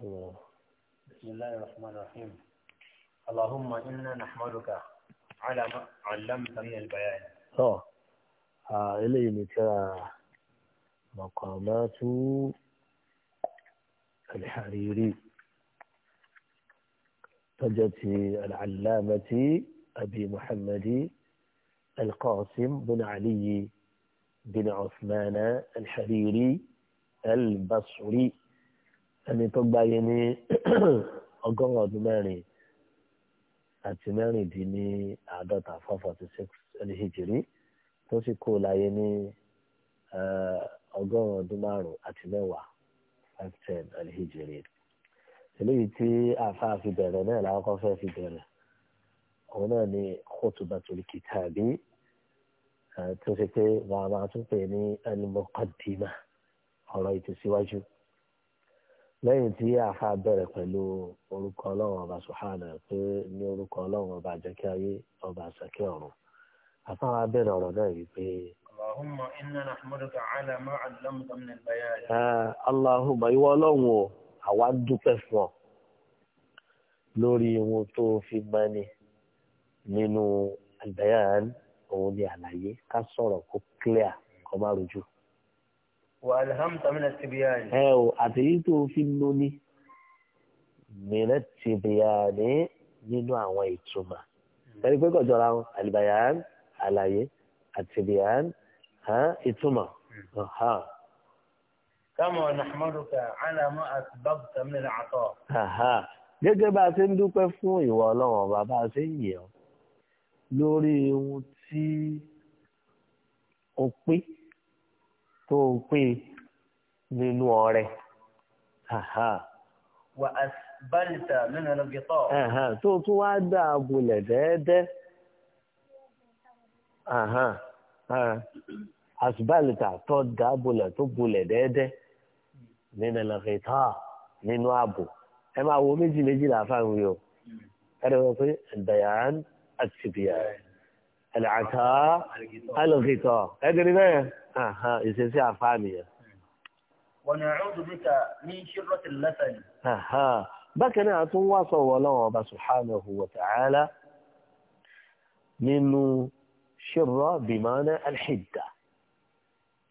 بسم الله الرحمن الرحيم اللهم إنا نحمدك على ما علمت من البيان اه إلي ترى مقامات الحريري فجت العلامة أبي محمد القاسم بن علي بن عثمان الحريري البصري ẹni tó gbáyé ní ọgọ́rùn ọdún mẹ́rin àti mẹ́rìndín ní àádọ́ta four forty six ẹni hijiri tó sì kú láyé ní ọgọ́rùn ọdún márùn àti mẹ́wàá five ten ẹni hijiri eléyìí tí àáfàá fi bẹ̀rẹ̀ náà làwọn kan fẹ́ fi bẹ̀rẹ̀ òun náà ni khutbatul kitabi tó ṣe pé màmá tún pè ní al-muqaddimah ọ̀rọ̀ ìtòsíwájú. lẹ́yìn tí àfa bẹ̀rẹ̀ pẹ̀lú orúkọ ọlọ́run ọba sùhánà pé ní orúkọ ọlọ́run ọba àjẹkẹ́ ayé ọba àṣàkẹ́ ọ̀run àfa wa bẹ̀rẹ̀ ọ̀rọ̀ náà yìí pé. Allahumma ìwọ ọlọ́run o àwa dúpẹ́ fún ọ lórí ohun tó fi mọ́ni nínú àlàyé ká sọ̀rọ̀ kó clear kó má ẹ o àtẹ̀yí tó fi lóní mìíràn ti bìyàní nínú àwọn ìtumọ̀ ẹni pé kọjọra wọn àlìbàyàn àlàyé àti bìyàn ìtumọ̀. kama nahmaduka ala ma asbabta min al-ata. gẹ́gẹ́ bá a ṣe ń dúpẹ́ fún ìwọ ọlọ́run ọba bá a ṣe ń yẹ̀ ọ́ lórí ohun tí o pín tó o pè nínú ọrẹ. wà á bàlìtà nínú ẹlẹ́gbẹ̀ẹ́ tọ̀. tó o tún wá dá a bolẹ̀ dẹ́ẹ́dẹ́. àsùbàlìtà tó dá a bolẹ̀ tó bolẹ̀ dẹ́ẹ́dẹ́ nínú ẹlẹ́gbẹ̀ẹ́ tọ̀ nínú ààbò ẹ máa wo méjì méjì làáfàá ń o hmm. ẹ dẹ̀ wọ́n pé ẹ̀dàyà àti tìbíyà àlàkà alùpìtọ̀ ẹ̀dìrí bẹ́ẹ̀ ìṣesí àfáàní yẹn. wọ́n ní ọ̀rọ̀ òdòdó ta ní ṣírọ́tì lẹ́sẹ̀lì. bákan náà tún wá sọ̀rọ̀ ọlọ́run ọba subhanahu wa ta'ala nínú ṣírọ́ bìmọ́nà alhidda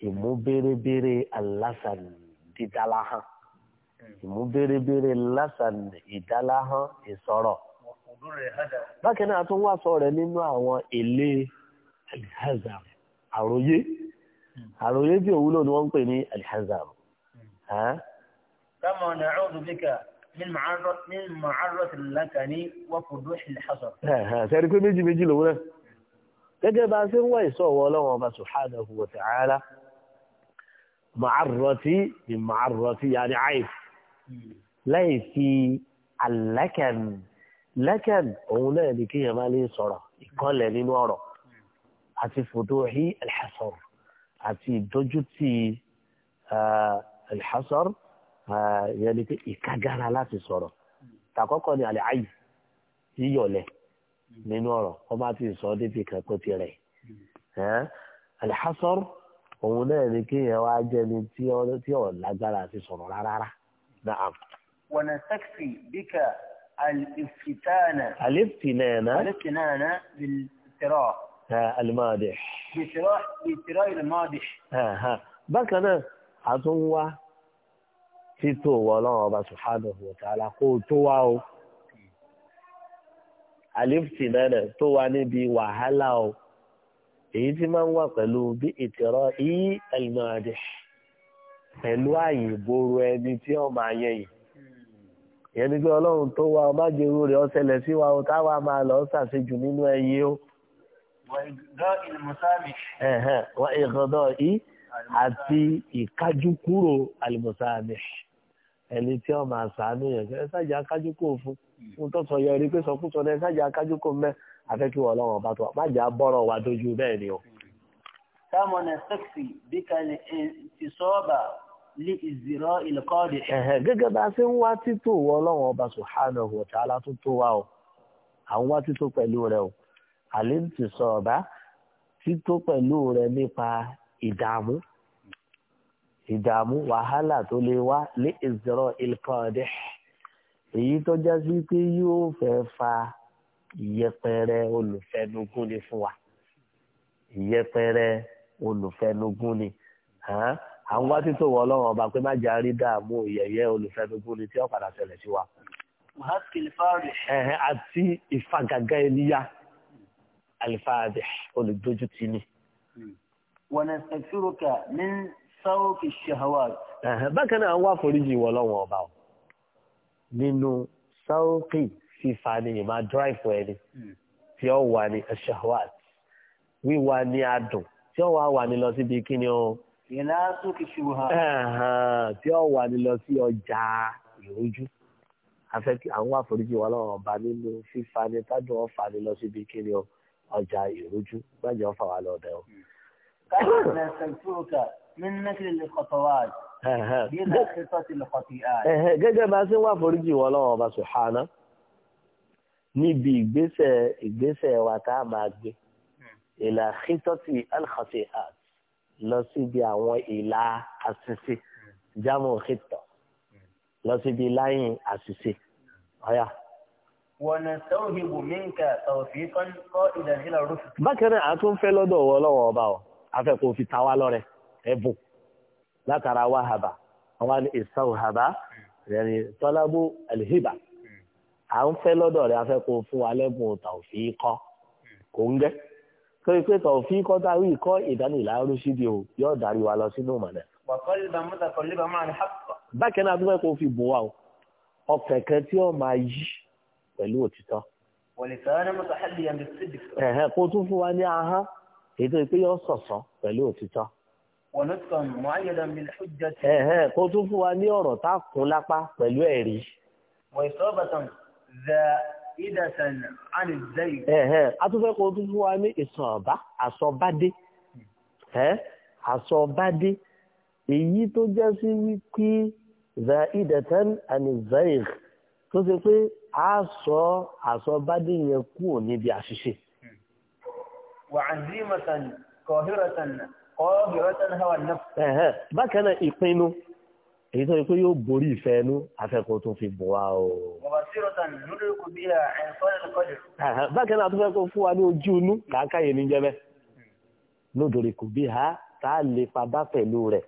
ìmú bérebére alásàn dídáláhàn hmm. ìmú bérebére lásàn ìdáláhàn ìsọ̀rọ̀ bákan náà tún wá sọ rẹ̀ nínú àwọn èlé alihazam àròyé hmm. àròyé tí òwúlò ni wọ́n ń pè ní alihazam. Hmm. kama na'udhu bika min ma'arrati lakani wa fuduhi alhasad. sẹ́ni pé méjì méjì lòun náà gẹ́gẹ́ bá a ṣe ń wá ìṣọ̀wọ́ ọlọ́wọ́n ọba subhanahu wa ta'ala ma'arrati ni ma'arrati yaani aif hmm. láì fi alakan lẹ́kẹ̀n òun náà ni kéèyàn máa lè sọ̀rọ̀ ìkọlẹ̀ nínú ọ̀rọ̀ àti futuhi alḥasar àti ìdójútì alḥasar ìyẹn ni pé ìkágára láti sọ̀rọ̀ tàkọ́kọ́ ni àlẹ́ àyè yíyọ̀lẹ̀ nínú ọ̀rọ̀ wọ́n bá ti sọ débi kan pé ti rẹ̀ alḥasar òun náà ni kéèyàn wá jẹ́ni tí ọ̀ lágbára àti sọ̀rọ̀ rárá. ونستكفي بك الافتتانة الافتنانة الافتنانة بالتراء المادح بالتراء بالتراء المادح ها ها bákan náà a tún wá títò wọ ọlọ́run ọba subhanahu wa ta'ala kó o tó wá o àlìfìtì náà tó wá níbi wàhálà o èyí tí máa ń wà pẹ̀lú bí ìtẹ̀rọ yí ẹ̀lmọ́dé pẹ̀lú àyè ìboro ẹni tí ó máa yẹ yìí ìyẹn ni pé ọlọ́run tó wá ọba jẹ́rú rẹ̀ ọ̀sẹ̀lẹ̀ sí wa táwa máa lọ ṣàṣejù nínú ẹyẹ o. wọ́n ìgọ́dọ̀ i àti ìkájúkúrò àlùmọ̀sáàmì ẹni tí ọmọ àṣàánú yẹn ẹ ṣáàjà kájúkò fún un tó sọ yẹn rí pé sọkúsọ náà ẹ ṣáàjà kájúkò mẹ afẹ́kí wọ́n ọlọ́run ọba tó má jà bọ́rọ̀ wá dójú bẹ́ẹ̀ ni o. táwọn ẹ̀ sẹ́kì bí kalẹ̀ ti sọ́ọ̀bà lé ìzìrọ ìlẹkọọdì. gẹ́gẹ́ bá a ṣe ń wá títò wọ ọlọ́run ọba subhanahu wa ta'ala tó tó wa o à ń wá títò pẹ̀lú rẹ o àlè ń ti sọ ọba títò pẹ̀lú rẹ nípa ìdààmú ìdààmú wàhálà tó lè wá lé ìzìrọ ìlẹkọọdì èyí tó já sí pé yóò fẹ́ fa ìyẹpẹrẹ olùfẹnugún ni fún wa ìyẹpẹrẹ olùfẹnugún ni à ń wá títò wọ ọlọ́run ọba pé má jẹ́ àárí dààmú ìyẹ̀yẹ́ olùfẹ́nugúnni tí ó padà ṣẹlẹ̀ sí wa. àti ìfagagá ẹníyà alifáàdì olùdójútì ni. wọn ẹ sẹfúrò kà ní sáwókì shahawat. bákan náà wá foríjì wọ ọlọ́run ọba o nínú sáwókì fífa ni ìmá dráìfù ẹni tí ó wà ní shahawat wíwà ní adùn tí ó wà wà ní lọ síbi kí ni ìná sókè ṣubùhà. tí ó wà ní lọ sí ọjà ìrújú afẹ́ kí àwọn àforíjì wa lọ́wọ́ ọba nínú fífa ni tájọ́ ọ̀fà ni lọ síbi kíni o ọjà ìrújú gbàjẹ́ ọ̀fà wa lọ́dẹ̀ o. Hmm. káyọ̀ ní ẹsẹ̀ ìfúrúkà ní nẹ́kìlì lè kọ̀tọ̀ wá bí ẹ̀ náà ṣe tọ́sí lè kọ̀tì á. gẹ́gẹ́ bá a ṣe ń wá àforíjì wa lọ́wọ́ ọba sùhánà níbi ìgbésẹ̀ ìgbésẹ̀ wa tá a máa gbé hmm. ìlà xítọ́tì alxàtì àt lọ síbi àwọn ìlà àṣìṣe jámù òkìtọ̀ lọ síbi láyìn àṣìṣe ọ̀yà. wọ̀nà sọ́ọ̀hìbù mínkà tawfiqan kọ́ ìdàgbìlà rúfin. bákan náà a tún fẹ́ lọ́dọ̀ ọ̀wọ́ lọ́wọ́ ọba ọ̀ afẹ́kọ̀ọ́ fi ta wá lọ́rẹ ẹ̀bùn látara wàhábà ọba ní ìsàwùhábà rẹ̀rìn tọ́lábù alhiba à hmm. ń fẹ́ lọ́dọ̀ rẹ̀ afẹ́kọ̀ọ́ fún wa lẹ́bùn tawfiqan kò ń gẹ́ torí pé tọ̀ fi kọ́ tá a wí kọ́ ìdánilá rúṣídìí o yóò darí wa lọ sínú ìmọ̀lẹ̀. bákan náà adúgbò kò fi bùn wa o ọkàn kan tí ó máa yí pẹ̀lú òtítọ́. ẹ̀hẹ́ kó tún fún wa ní ahọ́n ètò ìpè yóò sọ̀sọ́ pẹ̀lú òtítọ́. ẹ̀hẹ́ kó tún fún wa ní ọ̀rọ̀ tá a kún lápá pẹ̀lú ẹ̀rí ìdàsàn àni zẹ́yì. atúfẹ́ kò tún fún wa ní ìsàn ọ̀bá àsọ̀bádé àsọ̀bádé èyí tó jẹ́ sí wípé za ìdàsàn àni zẹ́yì tó ṣe pé a sọ àsọ̀bádé yẹn kúrò níbi àṣìṣe. wà á zi màtàn kọ̀hírọ̀tàn kọ̀hírọ̀tàn hawa náà. bákan náà ìpinnu èyí tó yẹ pé yóò borí ìfẹ́ ẹnu afẹ́kọ̀ọ́ tó fi bọ̀ wá o. bákan náà tó fẹ́ kó fún wa ní ojú inú làákàyè ní jẹ́bẹ́ lódòrè kò bí ha tá a lè pa bá pẹ̀lú rẹ̀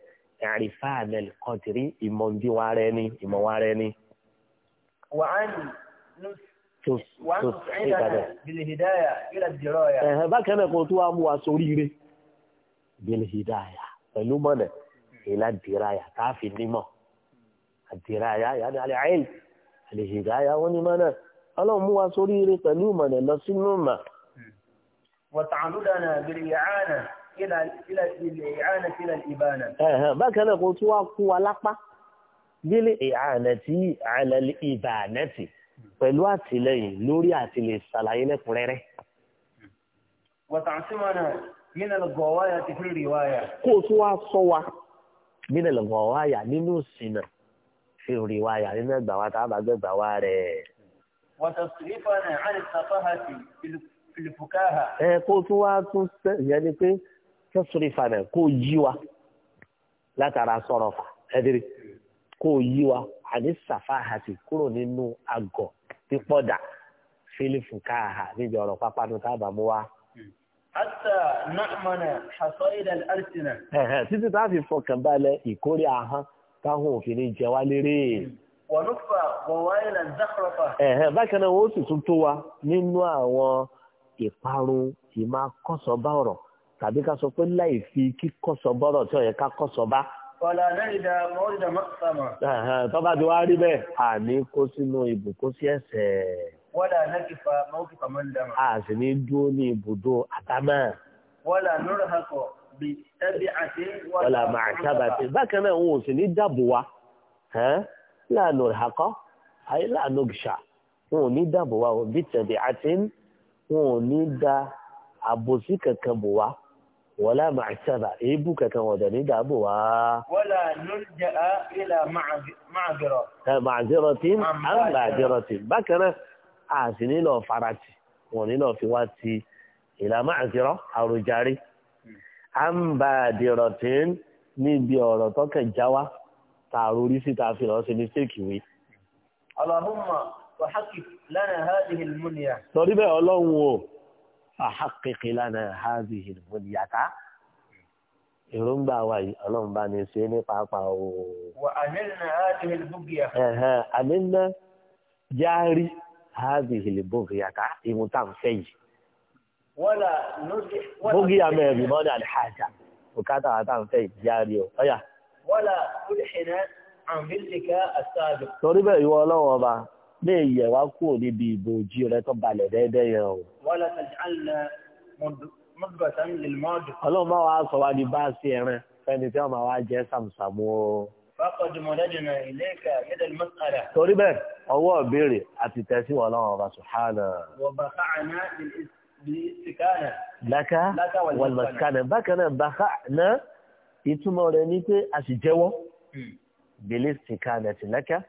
àrífà àmẹ́lì kan tìrí ìmọ̀ ndí wa rẹ ni ìmọ̀ wa rẹ ni. wàhálì tó ìdàgbẹ́. bákan náà kò tó wá mú wa sóríire bílíhìdáyà pẹ̀lú mọ̀nà ìlà dìráyà àdìráyà yàrá àlẹ́ àìl àlẹ́ hìdáyà wọn ni mọ́nà ọlọ́run mú wa sórí ire pẹ̀lú ìmọ̀nà lọ sínú mà. wọ̀tàlúdànà bèrè ìhánà ilẹ̀ ìhánà sílẹ̀ ìbànà. bákan náà kò tún wá kú wa lápá lílé ìhánà tí àlẹ́ ìbànà ti pẹ̀lú àtìlẹyìn lórí àtìlẹ̀ ṣàlàyé lẹ́kùnrẹ́rẹ́. wọ̀tàsímọ̀nà mínà lọ́gọ̀ọ́wáyà sọ wa nínú ìsìn náà sí orí wa yà nínú ẹgbà wa tá a bá gbẹgbà wa rẹ. wọ́n sọ sílífà náà á lè sàfà hà sí fìlìfùkáhà. ẹ kó tún wá tún sẹ ìyẹn ni pé kí sílífà náà kó yí wa látara sọ̀rọ̀ fà ẹ dirí kó yí wa à sàfà hà kúrò nínú àgọ̀ pípọ̀dà fìlìfùkáhà níbi ọ̀rọ̀ pápánu tá a bá mú wa. Hatta na'mana hasaida al-arsina. Títí tá a fi fọkàn balẹ̀ ìkórè ahọ́n táwọn òfin ní jẹ wá lérè. wọ̀nùfà wọ̀nwáyìnà zákọ̀rọ̀fà. ẹ̀hẹ́n bákan náà wọ́n sì tún tó wa nínú àwọn ìparun ìmá kọ́sọ̀bá ọ̀rọ̀ tàbí ká sọ pé láì fi kíkọ́sọ̀bá ọ̀rọ̀ tí ó yẹ ká kọ́sọ̀bá. Fọlá lẹ́yìnda mọ́rìdà mọ́sàmà. Tọ́ba ti wá rí bẹ́ẹ̀, àní kó sínú ibùkún sí ẹ̀sẹ̀. Wọ́lá nẹ́kìfà mọ́kìfà mọ́ndàmà. A sì ní dúró ní ibùdó àtàmà. Wọ́lá nùrọ̀ wọ́lá máa sábà tí bákan náà òun ò sì ní dàbò wa láàánú ìhàkọ́ àyè láàánú gṣà wọn ò ní dàbò wa òbí tẹ̀lé àti wọn ò ní da àbòsí kankan bò wa wọ́lá máa sábà èébù kankan wọn dẹ̀ ní dàbò wa. wọ́lá nulja ilà màjọrọ. màjọrọ tí à ń màjọrọ tí bákan náà a sì nílò farati wọn nílò fi wá ti ìlà màjọrọ àròjàre àǹbàdìrọ̀tín níbi ọ̀rọ̀ tọ́kẹ̀ jáwá tààrù orí síta fi lọ́ọ́ sí mistake wí. Allahumma fahakik lana hadhihi almunya. Torí bẹ́ẹ̀ ọlọ́run o, fahakik lana hadhihi almunya ká. Èròǹgbà wa yìí ọlọ́run bá ní ṣe ní pápá bógí àmì ẹ̀rù mọ́ni àlìhájà bùkátà àtàǹfẹ́ ìjáre o ọ̀yà. wọ́lá olùhìnà àmìlìkà àtàdù. torí bẹ́ẹ̀ ìwọ ọlọ́wọ́ ọba lè yẹ̀ wá kúrò níbi ìbò ojú rẹ tó balẹ̀ dẹ́ẹ́dẹ́ yẹn o. wọ́lá tàjálẹ̀ mọ́dùbàtàn lè mọ́dù. ọlọ́run máa wá sọ wá di báàsì ẹran fẹ́ni tí wọ́n máa wá jẹ́ sàmùsàmù o. faqad madadna ilayka yad al-mas'ala. torí bẹ́ẹ̀ ọwọ́ ìbéèrè àti tẹ̀síwọ̀ ọlọ́run ọba subhanahu. wọ láká wàlùmọ̀kánà bákan náà baka náà ìtumọ̀ rẹ̀ ni pé a sì jẹ́wọ́ hmm. bèlè sìkánà ti láká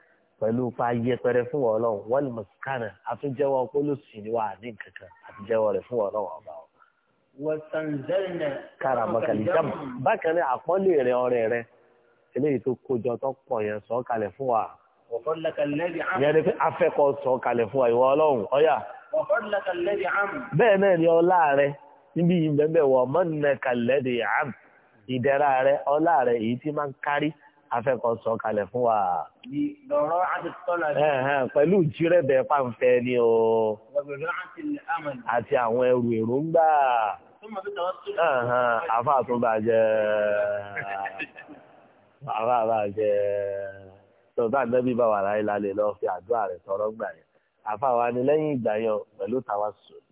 pẹ̀lú pa yẹpẹrẹ fún ọlọ́run wàlùmọ̀kánà àtúnjẹ́wọ́ pólòsì ni wà ní kankan àtúnjẹ́wọ́ rẹ̀ fún ọlọ́run ọba ọ. karamakalijamu bákan náà àpọ́nlé rẹ̀ ọ̀rẹ́ rẹ̀ eléyìí tó kójọ tó pọ̀ yẹn sọ̀ kalẹ̀ fún wa. yẹn ni bẹ́ẹ̀ náà ni ọlá rẹ níbi yìí bẹ́ẹ̀ wọ̀ mọ́nà kàlẹ́dì àm ìdẹ̀ra rẹ ọlá rẹ èyí tí máa ń kárí afẹ́kọ̀ọ́ sọ kalẹ̀ fún wa. lọ́rọ́ àti tọ́lá rẹ. pẹ̀lú jírẹ̀bẹ̀ pàǹfẹ́ ni o. àti àwọn ẹrù èròǹgbà. àfa àtúnbà jẹ́ àfa àbà jẹ́ tọ́ba nẹ́bí bá wà láyé lálẹ́ lọ́ọ́ fi àdúrà rẹ̀ tọrọ gbà yẹn àfàwà ni lẹ́yìn ìgbà yẹn pẹ̀lú tàwa sùn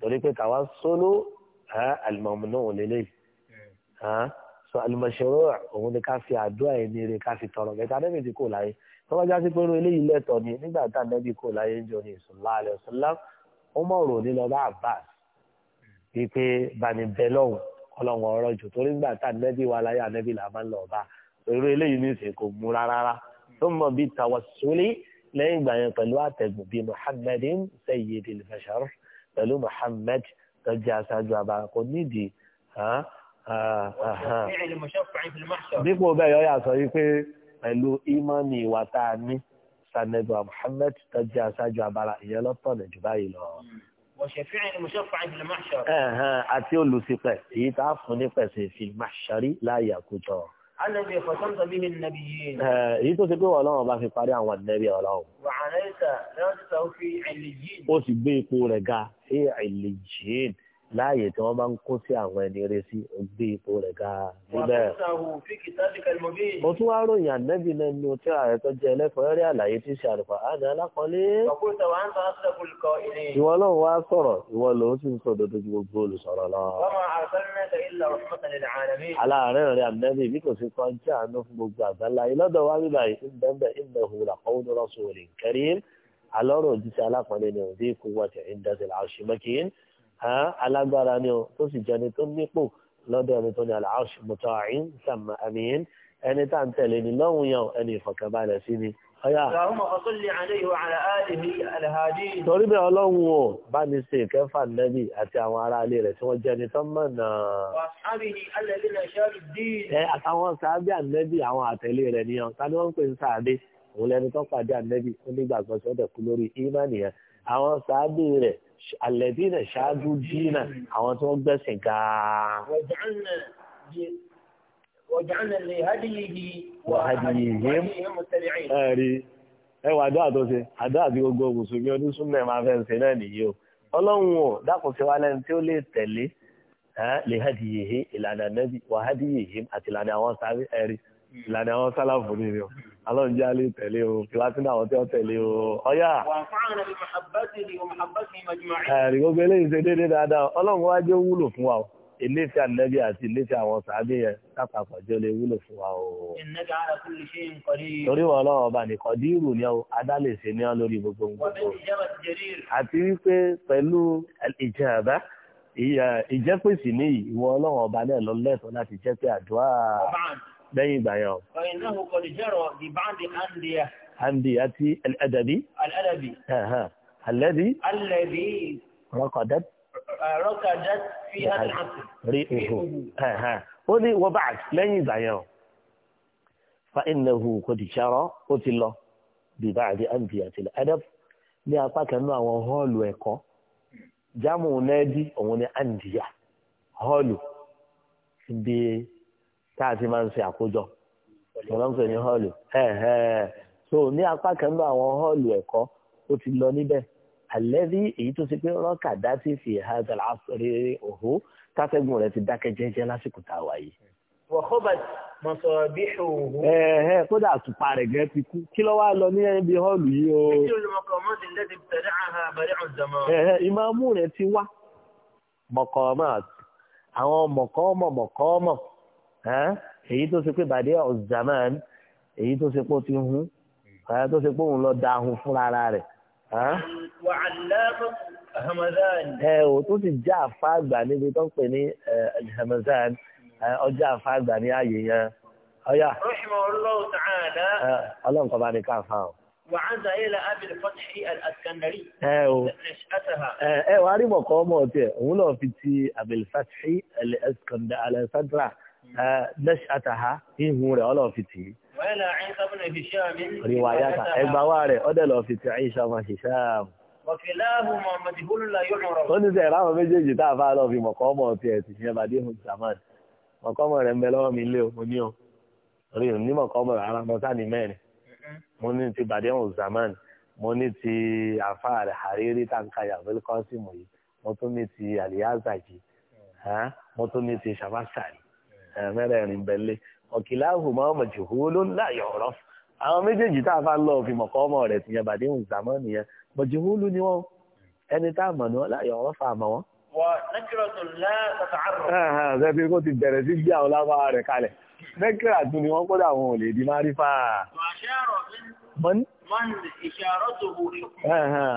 torí pé tàwa sóló àlùmọ̀mù náà lélẹ̀ so àlùmọ̀ṣẹ́rọ̀ òun ni ká fi àdúrà ẹni rẹ̀ ká fi tọrọ mẹ́ta nẹ́bí ti kò láyé tó bá jásí pé irú eléyìí lẹ́tọ̀ ni nígbà tá nẹ́bí kò láyé ń jọ ní ìsúnlá alẹ́ ọ̀sánlá ó mọ̀ rò ní lọ́ba Abbas hmm. wípé bani bẹ́lọ́hùn ọlọ́run ọ̀rọ̀ jù torí nígbà tá nẹ́bí wà láyé ànẹ́bí là ń lọ bá irú eléyìí ní ìsìn mú rárá hmm lẹ́yìn ìgbà yẹn pẹ̀lú àtẹ̀gùn bíi muhammadin sayyidil bashar pẹ̀lú muhammad tó jẹ́ aṣáájú abara kò nídìí dípò bẹ́ẹ̀ yọ yà sọ wípé pẹ̀lú ìmọ̀nì ìwà tá a ní sanadu muhammed tó jẹ́ aṣáájú abara ìyẹn lọ́tọ̀nà jù báyìí lọ. àti olùsìpẹ̀ èyí tá a fún ní pẹ̀sẹ̀ fil mahshari láàyè àkójọ. Alẹ́bí ìfọ̀sọ́mtọ̀ bí nàbí yìí. Èyí tó ṣe pé ọlọ́run bá fi parí àwọn àdínẹ́bí ọlọ́run. Wàhálà ìta, lọ́dún tó fi ẹ̀lẹ́jìn. Ó sì gbé ipò rẹ̀ ga, ṣé ẹ̀lẹ́jìn láàyè tí wọ́n bá ń kó sí àwọn ẹni eré sí gbé ipò rẹ̀ ga níbẹ̀. mo tún wá ròyìn ànẹ́bí náà ní otí ààrẹ tó jẹ ẹlẹ́fọ̀ọ́ rí àlàyé tí ṣe àlùfà àná alákọ̀ọ́lé. ìwọ lòun wá sọ̀rọ̀ ìwọ lòun sì ń sọ òdodo ju gbogbo olùsọ̀rọ̀ lọ. aláàárẹ̀ rẹ̀ ànẹ́bí bí kò sí kan jẹ́ àánú gbogbo àgbáńlá ìlọ́dọ̀ wá bíbá yìí ń alọ́rọ̀ alágbára ni o tó sì jẹni tó nípò lọ́dọ̀ ẹni tó ní aláàṣì mùtọ́àín sàmà àmìyàn ẹni tá à ń tẹ̀lé ni lọ́hùn yàn ẹni ìfọ̀kànbalẹ̀ sí ni. torí bẹ́ẹ̀ ọlọ́run o bá ní ṣe ìkẹfà nẹ́bì àti àwọn ará ilé rẹ̀ tí wọ́n jẹni tó mọ̀ náà. ẹ àtàwọn sàábì ànẹ́bì àwọn àtẹ̀lé rẹ̀ nìyàn ta ni wọ́n ń pè ń sàábì òun lẹni tó pàdé ànẹ́bì ó nígbàgbọ́sọ̀dẹ̀kú lórí ìmánìyàn àwọn sàábì rẹ̀ àlẹ́bí rẹ̀ ṣáájú dínà àwọn tí wọ́n gbẹ̀sìn gan-an. ẹwà àdúrà tó ṣe àdúrà tí gbogbo mùsùlùmí ọdún súnmọ́ máa fẹ́ ṣe náà nìyí o ọlọ́run ò dákun ṣe wá lẹ́nu tí ó lè tẹ̀lé lè hádìyèhé ìlànà nẹ́bí wà hádìyèhé àti ìlànà àwọn sáré ẹ̀rí ìlànà àwọn sálàfù nìyí o alọ́njẹ́ alẹ́ tẹ̀lé o kíláàsì náà tí ó tẹ̀lé o ọ̀yà. ẹ̀rí gbogbo eléyìí ṣe déédéé dáadáa ọlọ́run wá jẹ́ wúlò fún wa o ilé tí ànábì àti ilé tí àwọn sàábì yẹn kápákọ̀ jẹ́ lè wúlò fún wa o. torí wọn lọ́wọ́ ọba nìkan dírù ni ó adálèsè ní ọ lórí gbogbo gbogbo. àti wípé pẹ̀lú ìjàmbá ìjẹ́pèsè ní ìwọ ọlọ́run ọba náà lọ lẹ́tọ̀ọ́ láti jẹ́ pé àdúrà lẹ́yìn ìgbà yẹn o. handi àti aladabi. aladabi. alẹ́bi. alẹ́bi. rọkọ̀dẹ́t. rọkọ̀dẹ́t fi hàn àti. rí ihu ó ní wọ́n bá lẹ́yìn ìgbà yẹn o. fa inahu kò ti ṣarọ́ ó ti lọ bíbá àti handi àti aladab ní apá kan náà àwọn họ́ọ̀lù ẹ̀kọ́ jámù nẹ́ẹ̀dì òun ni andiya họ́ọ̀lù ibi tá a ti máa ń ṣe àkójọ ní họ́ọ̀lù so ní apá kan náà àwọn họ́ọ̀lù ẹ̀kọ́ ó ti lọ níbẹ̀ àlẹ́rí èyí tó ṣe pé rọ́ọ̀kà dá sí fi hadha al-asr òhó tásẹ́gun rẹ̀ ti dákẹ́ jẹ́jẹ́ lásìkò tá a wà yìí. wọ́kọ́bà mọ̀sọ̀rọ̀ bí òhó. ẹ ẹ kódà àtùpà ti kú kí ló wá lọ ní ibi họ́ọ̀lù yìí o. ìmọ̀ ti wá èyí tó ṣe pé bàdé ọ̀zàmán èyí tó ṣe pé ó ti hun tó ṣe pé òun lọ da hun fúnra rẹ̀. ẹ ò tó ti já àfa àgbà níbi tó ń pè ní Hamazan ọjà àfa àgbà ní ààyè yẹn. ọyà ọlọ́run kọ́ bá ní káfá o. وعاد إلى أبي الفتح الأسكندري نشأتها إيه وعارف مقامه تي ولو في تي nashataha ihun rẹ̀ ọlọ́ fi tì í. riwayata ẹgbà wa rẹ̀ ọdẹ lọ fi tì Aisha ọmọ Hisham. ó ní sẹ́yìn láwọn méjèèjì tá a fà lọ fi mọ̀kọ́ ọmọ tiẹ̀ tì yẹn bàdé hun zaman mọ̀kọ́ ọmọ rẹ̀ ń bẹ lọ́wọ́ mi lé o mo ní o rí o ní mọ̀kọ́ ọmọ rẹ̀ ara mọ́ ní mẹ́rin mo ní ti bàdé hun zaman mo ní ti àfa rẹ̀ àrírí tàǹkà yàgbẹ́lẹ́kọ́sìmù yìí mo tún ní ti mm. àlìyá zàjì mo tún ní ti ṣàbáṣàrì mẹ́rẹ̀ẹ̀rin bẹ̀lẹ̀ ọ̀kìlá ahùnmọ́ majhulun la yu'raf àwọn méjèèjì tá a fa lọ òfin mọ̀kọ́ ọmọ rẹ̀ tìyẹn bàdé ń zàmọ́ nìyẹn majhulu ni wọ́n ẹni tá a mọ̀ ní wọn la yu'raf àmọ́ wọn. wà nẹ́kìrọ̀tò lẹ́ẹ̀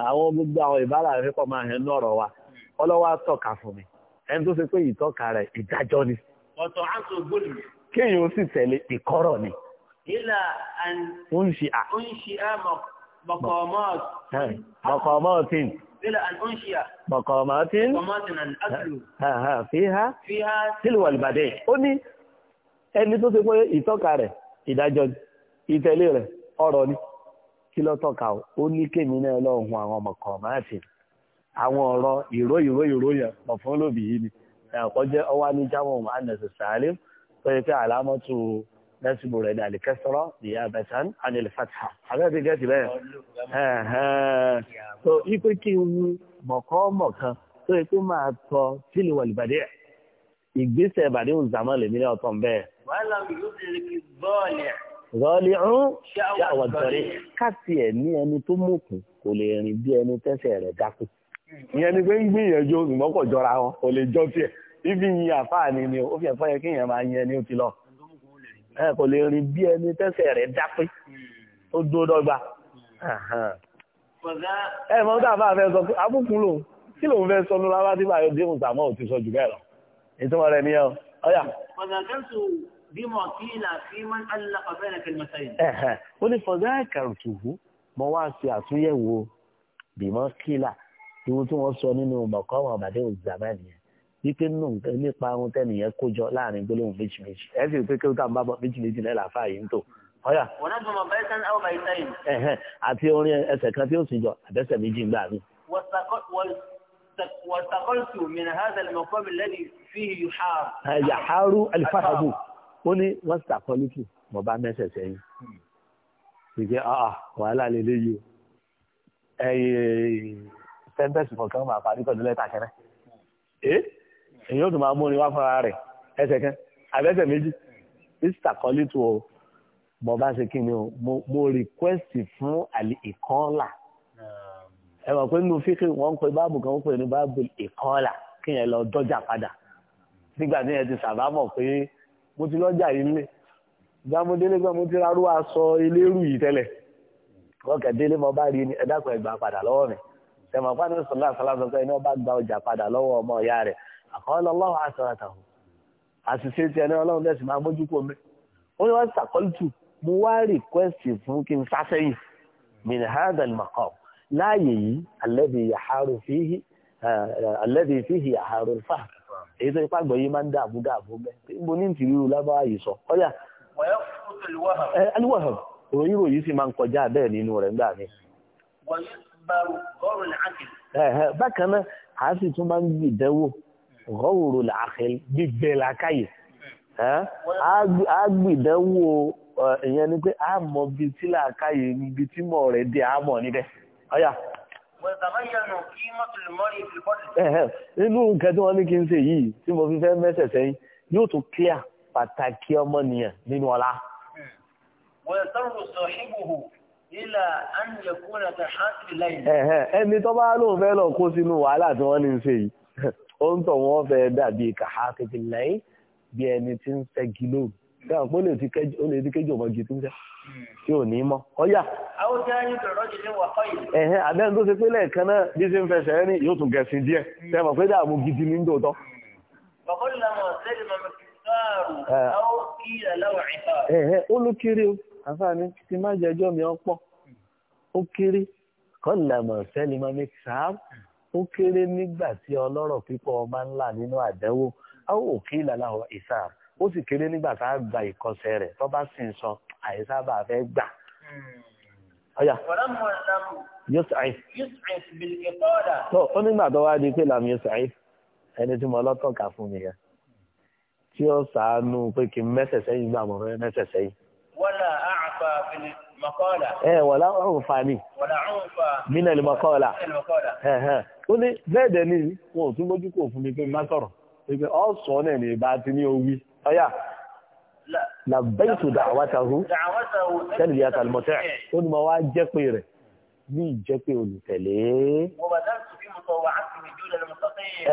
àwọn gbogbo àwọn ìbára rẹ̀ kọ́ máa hẹ́ ní ọ̀rọ̀ wa ọlọ́wà tọ́ka fún mi ẹni tó ṣe pé ìtọ́ka rẹ̀ ìdájọ́ ni ọ̀tọ̀ àtò gbòlù. kéèyàn ó sì tẹ̀lé ìkọ́rọ̀ ni. ilà àn. ó ń ṣe à. ó ń ṣe à mọ̀kọ̀ọ̀mọ́ọ̀tì. mọ̀kọ̀ọ̀mọ́ọ̀tì. ilà àn ó ń ṣe à. mọ̀kọ̀ọ̀mọ́ọ̀tì. mọ̀kọ̀ọ̀mọ́ọ̀tì nà ní àtìlù. fíhá. fíhá. tìlùwàlùbàdẹ. ó ní ẹni tó ṣe pé ìtọ́ka rẹ̀ ìdájọ́ ìtẹ̀lé rẹ̀ ọ̀rọ̀ ni kí ló tọ́ka ó ní kémi náà lọ́hùn àwọn mọ̀kọ̀ọ̀mọ́ọ̀tì àwọn ọ̀rọ̀ ìró ìró ìró yẹn mọ̀ fún yìí ni kọjá ọwá ní jámọ̀ muhannas salim tó yẹ pé àlámọ́tò nẹ́sìbò rẹ̀ ní alikẹ́sọ́rọ́ ní abẹ́tán àti alifatiha abẹ́bí gẹ́tì bẹ́ẹ̀ so ipe kí n wu mọ̀kọ́mọ̀kan tó yẹ pé máa tọ sílùú wàlúbàdì ẹ̀ ìgbésẹ̀ ìbàdí òǹzàmọ́ lèmi ní ọ̀tọ̀ bẹ́ẹ̀. wàhálà yóò ti rí kí bọ́ọ̀lì rọ́líhún ṣàwàdọ̀rí káàtì ẹ̀ ní ẹni tó mọ̀kùn kò lè rìn bí ẹni tẹ́sẹ̀ rẹ̀ dákú. Hmm. ìyẹn ni pé ń gbìyànjú ìmọ̀kànjọra wọn kò lè jọ tiẹ̀ ibi yìí àfáà ni ni ó fi ẹ̀fọ́ yẹ kí èèyàn máa yẹn ni ó ti lọ ẹ kò lè rìn bí ẹni tẹ́sẹ̀ rẹ̀ dápé tó dúró dọ́gba ẹ mọ tá a bá fẹ́ sọ pé abúkún lòun kí lòun fẹ́ sọ lóra wá tí báyọ̀ déhùn sàmọ́ ò ti sọ jù bẹ́ẹ̀ lọ ìtumọ̀ rẹ̀ nìyẹn ọ yà. ó ní fọ̀dá kàrùtùkù mo wá ṣe àtúnyẹ̀wò bímọ kílà ìwọ tí wọ́n sọ nínú mọ̀kọ́ wọn àbàdé òjàmá nìyẹn wípé nù nípa ohun tẹ́nìyàn kó jọ láàrin gbólóhùn méjì méjì ẹ sì pé kí ó tàbí bábọ̀ méjì méjì náà làáfà yìí ń tò ọ̀yà. wọ́n á tún mọ̀ bẹ́ẹ̀ sẹ́ni àwọn bàyí sẹ́yìn. àti orin ẹsẹ̀ kan tí ó sì jọ àbẹ́sẹ̀ méjì ń gbà mí. wọ́sàkọ́lùtù mìíràn hàzà lè mọ̀ kọ́mi lẹ́ni fíhì yùhá. yàhárú alifahabu ó ní wọ́sàkọ́lùtù mọ̀ bá mẹ́sẹ̀ sẹ́yìn. ìgbẹ́ wàhálà lélẹ́yìí ẹ̀yìn sẹ́ńtẹ̀sì kọ̀ọ̀kan máa parí pẹ̀lú lẹ́tà kẹrẹ́ èyí ó tún máa múni wá fara rẹ̀ ẹsẹ̀ kan àbẹ́sẹ̀ méjì mr kọ́lítù o mo bá ṣe kí ni o mo request fún àlè ìkọ́là ẹ mọ̀ pé nínú fíkì wọ́n ń pe báàbù kan ń pè ní báàbù ìkọ́là kí yẹn lọ dọ́jà padà nígbà tí yẹn ti sàbámọ̀ pé mo ti lọ́jà yìí nílé gbàmúdélé gbà mo ti rárú aṣọ elérù yìí tẹ́lẹ̀ kọ́kẹ́délé mo bá rí ni ẹ dákun ẹ gbà padà lọ́wọ́ mi ṣẹ̀mọ̀pá ní sọ̀lá sọ̀lá sọ pé ẹni ọba gba ọjà padà lọ́wọ́ ọmọ ìyá rẹ̀ àkọọ́lẹ̀ ọlọ́run àṣàràtàwò àṣìṣe ti ẹni ọlọ́run dẹ̀sí máa mójú kó mi ó ní wọ́n ṣàkọ́lùtù mo wá rìkwẹ́sì fún kí n sásẹ́yìn min hadal maqam láàyè yìí alẹ́bí yàhárù fíhì alẹ́bí fíhì yàhárù fà èyí tó ipá gbọ̀yé máa ń dààmú dààmú bẹ́ẹ̀ níbo ní ìtìrí ìlú lábáwá yìí sọ ọ̀yà aliwahab ròyìn ròyìn sì máa ń kọjá bẹ́ẹ̀ nínú rẹ̀ sì máa ń gbìdẹ́wò gọ́wùrù làákìl gbígbẹ́ làákàyè ágbìdánwò ìyẹn ni pé a mọ bí tí làákàyè ibi tí mọ̀ rẹ̀ dé a mọ̀ níbẹ̀ ọ̀yà. nínú nǹkan tí wọ́n ní kí n ṣe yìí tí mo fi fẹ́ mẹ́sẹ̀ sẹ́yìn yóò tún clear pàtàkì ọmọnìyàn nínú ọlá. ẹni tó bá lóun fẹ́ lọ kó sínú wàhálà tí wọ́n ní ṣe yìí ó ń tọ̀ wọ́n fẹ́ dàbí kàhá kékeré lẹ́yìn bí ẹni tí ń ṣẹ́gi lóru dáhùn pé ó lè ti kéjì ọmọge tó ń sẹ́ tí ò ní mọ́ ọ̀yà. àwọn tí wọ́n ń tọ̀rọ̀ jù ní wàkọ́ yìí. ẹ̀hẹ́n àbẹ́rẹ́ tó ṣe pé lẹ́ẹ̀kan náà bí ṣe ń fẹsẹ̀ rẹ́ ni yóò tún gẹ̀ẹ́sì díẹ̀ tẹ́ mọ̀ pé dààmú gidi ní tòótọ́. ẹ̀hẹ́n ó ló mi ọ̀pọ̀ ó kéré ó kéré nígbà tí ọlọ́rọ̀ pípọ̀ ọba ńlá nínú àdẹ́wò a ó kí ìsà ó sì kéré nígbà tá a gba ìkọsẹ̀ rẹ̀ tó bá sì ń sọ àìsà bá fẹ́ gbà. Hmm. ọ̀yà ó nígbà tó wá di pé lam yusuf ẹni tí mo lọ́tọ̀ọ̀kà fún mi yẹn tí ó sàánú pé kí n mẹ́sẹ̀ sẹ́yìn gbà mẹ́sẹ̀ sẹ́yìn. wọ́lá eh, ni. wọ́lá fa. ó ní bẹ́ẹ̀dẹ̀ ní wọn ò tún mójú kò fún mi pé má sọ̀rọ̀ pé ọ sọ náà ní ìbá ti ní owí ọyà làbẹ́yìtò dàwátàhù tẹ́lẹ̀ yàtà lọ́tẹ́ ó ní mo wá jẹ́ pé rẹ̀ ní ìjẹ́pé olùtẹ̀lé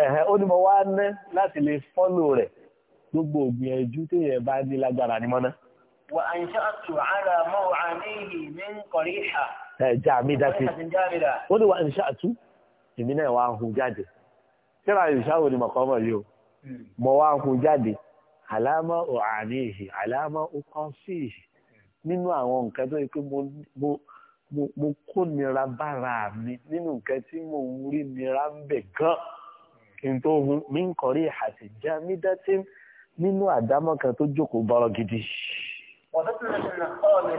ẹ̀hẹ́ ó ní mo wá ná láti lè fọ́lò rẹ̀ gbogbo ògbìyànjú tí yẹn bá ní lágbára ní mọ́ná. wà á ń ṣáàtù àlà mọ́ àníyì ní kọ̀ríṣà. ẹ̀ jà mí dá sí èmi náà wá hun jáde síra ìṣàwò ni mọ̀kọ́ mọ̀ yìí o mọ̀ hmm. wá hun jáde àlámọ́ ọ̀hání ìhì àlámọ́ ọkọ̀ sí ìhì nínú àwọn nǹkan tó yẹ pé mo kó nira bára mi nínú nǹkan tí mo ń rí nira ń bẹ̀ gan kí n tó hun mí ń kọ̀rí àti já mí dátí nínú àdámọ́ kan tó jókòó bọ́rọ̀ gidi. ọ̀dọ́ tí wọ́n ti rìn kọ́ mi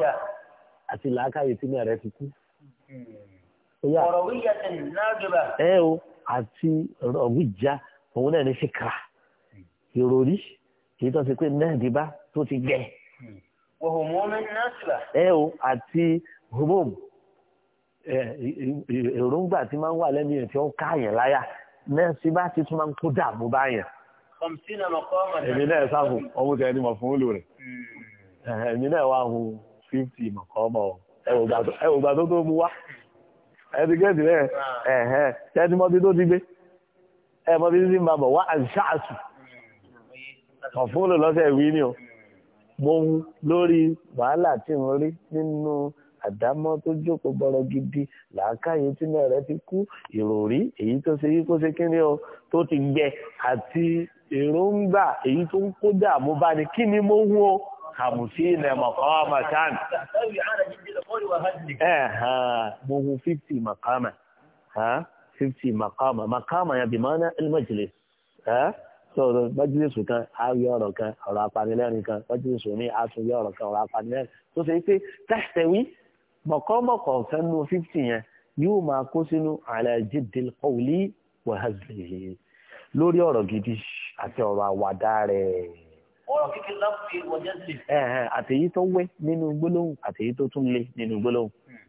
àti làákàyè tí mi rẹ̀ ti kú. Hmm ọ̀rọ̀wíyà tẹ̀ náàjọba. ẹ o àti ọ̀rọ̀wíjà òun náà ní fìkà ìròrí èyí tó ti pé náà dìbà tó ti gẹ. wọ̀hùnmọ́mí náàjọba. ẹ o àti homom èròǹgbà tí máa ń wà lẹ́nu yẹn tí ó ń káàyàn láyà náà sí bá ti tún máa ń kó dààmú báyàn. èmi náà sáfù ọmọ tẹ ẹni mọ̀ fún olú rẹ̀ hmm. èmi náà wà hù fífì mọ̀kọ́ mọ̀ ẹ wò gbà tó tó mú wá. e rẹ̀ ah. ẹ̀hẹ́n tẹ́ni mọ́bí tó ti gbé ẹ̀ mọ́bí tí ń bàbọ̀ wá àṣáàṣù ọ̀fúnlò lọ́sẹ̀ ìwí ni o mo ń lórí wàhálà tí rí nínú àdámọ́ tó jókòó bọ́rọ̀ gidi làákàyè tí ti kú ìròrí èyí tó ṣe yí kó o tó ti gbẹ àti èròǹgbà èyí tó ń kó dààmú bá ní mo ń hamsina maqamatan mo hun fifty maqama fifty maqama maqama yẹn bí mọ́nà al-majlis sọ̀rọ̀ májílẹ̀sù kan ayé ọ̀rọ̀ kan ọ̀rọ̀ apanilẹ́rin kan májílẹ̀sù ní àtúnyẹ ọ̀rọ̀ kan ọ̀rọ̀ apanilẹ́rin tó ṣe pé tẹ́sítẹ́wí mọ̀kọ́mọ̀kọ́ fẹ́nu fífítì yẹn yóò máa kó sínú ala jiddil qawli wa hazlihi lórí ọ̀rọ̀ gidi àti ọ̀rọ̀ àwàdá rẹ̀ àtẹ̀yí tó wẹ́ nínú gbólóhùn àtẹ̀yí tó tún lé nínú gbólóhùn. Hmm.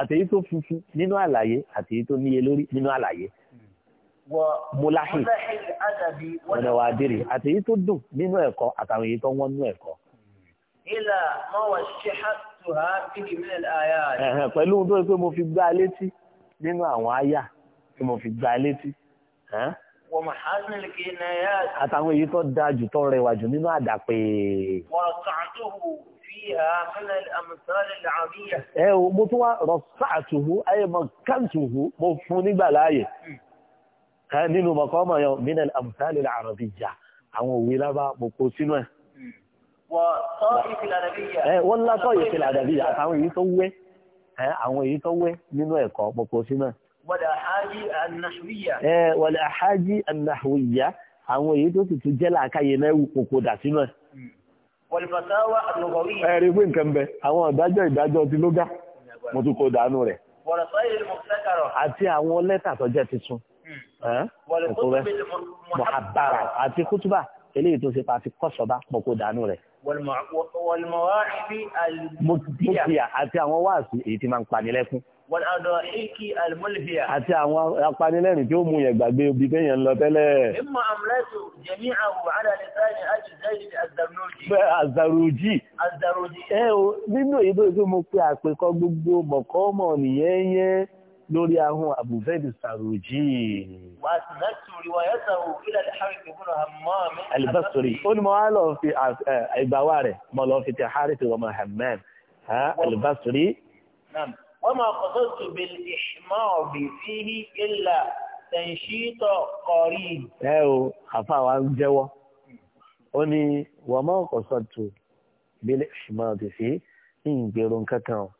àtẹ̀yí tó funfun nínú àlàyé àtẹ̀yí tó níye lórí nínú àlàyé. Hmm. mulahi ọ̀nà wa adìrì àtẹ̀yí tó dùn nínú ẹ̀kọ́ àtàwọn èyí tó wọ́n nínú ẹ̀kọ́. ilà mọ́ wà ṣe hàtùhà bíbí mílẹ̀ àyà. pẹ̀lú ohun tó yẹ wọ́n mọ̀ hásìlì kì í náyà. àtàwọn èyí tó dáa jù tó rẹwà jù nínú àdàpè. wọ́n sàtò fíhà mẹ́lẹ̀ àmùsálẹ̀ làbíyà. ẹ o mo tún wá rọ sàtùhù ayé mọ kàǹtùhù mo fún nígbà láàyè hmm. nínú mọ̀kọ́mọ̀ yọ mẹ́lẹ̀ àmùsálẹ̀ làbíyà àwọn òwe lábá mo kó sínú ẹ̀. Hmm. wọ́n látọ̀ ìfìlà àdàbíyà àtàwọn èyí tó wẹ́ àwọn èyí tó wẹ́ wàlàhájí ànàhùwìyà àwọn èyí tó tuntun jẹ́ làákàyè náà wù kòkò dà sínú ẹ̀. wàlùfàtàwà àlùkọ̀wìyà. ẹ̀rí pé nǹkan bẹ àwọn ìdájọ́ ìdájọ́ ti lóga mo tún kó dànù rẹ̀. àti àwọn lẹ́tà tó jẹ́ tuntun. wàlùkọ́tùbà mọ̀hábàrà àti kútùbà eléyìí tó ṣe pa kọ́sọ̀bá mo kó dànù rẹ̀ wọ̀lmọ̀wáàrí bí alìmọ̀tíyà àti àwọn wáàsí èyí tí máa ń panilẹ́kún àti àwọn apanilẹ́rìn tí ó mú yẹn gbàgbé obi tẹ́yẹn ń lọ tẹ́lẹ̀. bẹ́ẹ̀ azaruji ẹ o nínú èyí tó tó mo pe àpèkọ gbogbo mọ̀kọ́mọ̀ nìyẹn yẹn lórí ahun àbùfẹ́dì sàròjì. alibasori ó ní mo wá lọ fi ìgbàwá rẹ̀ mo lọ fi ti harith wa muhammad alibasori. وما قصدت بالإحماض فيه إلا تنشيط قريب أو خفاء عن جوا أني وما قصدت بالإحماض فيه إن بيرون كتاو